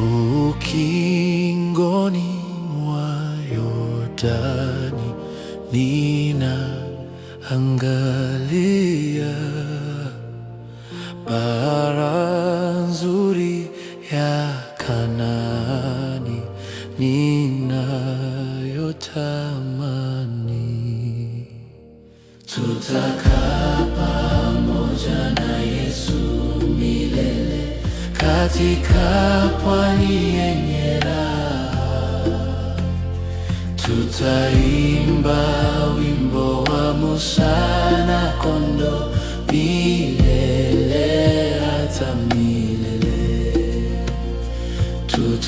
Ukingoni mwa Yordani nina angalia bara nzuri ya Kanaani ninayotamani. Tutakaa pamoja na Yesu milele katika pwani yenye raha. Tutaimba wimbo wa Musa na kondoo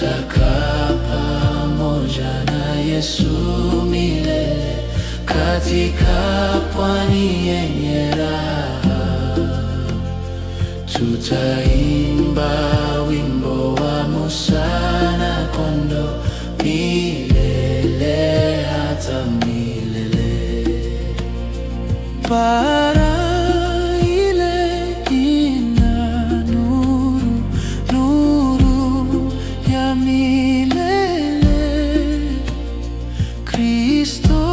tutakaa pamoja na Yesu milele katika pwani yenye raha. Tutaimba wimbo wa Musa na kondoo milele hata milele pa Cristo.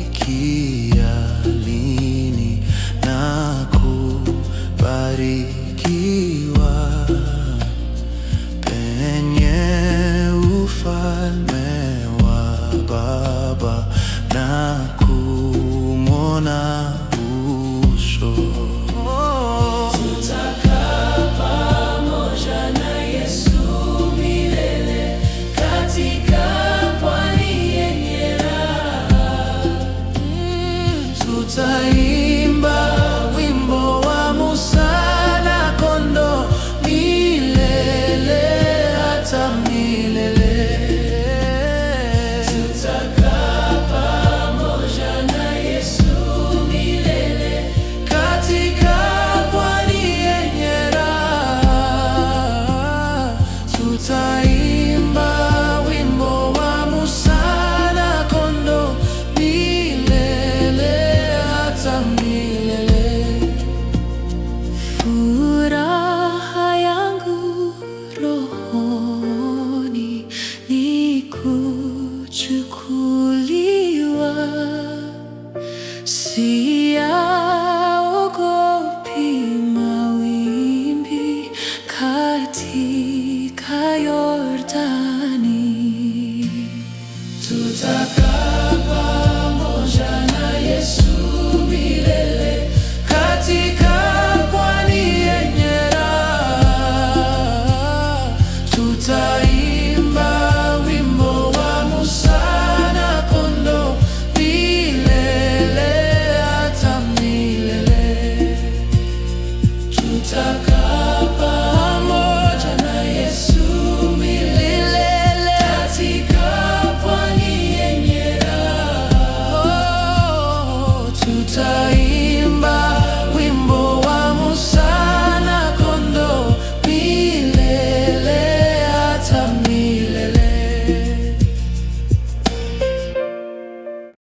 Utafikia lini na kubarikiwa penye ufalme wa Baba na kumwona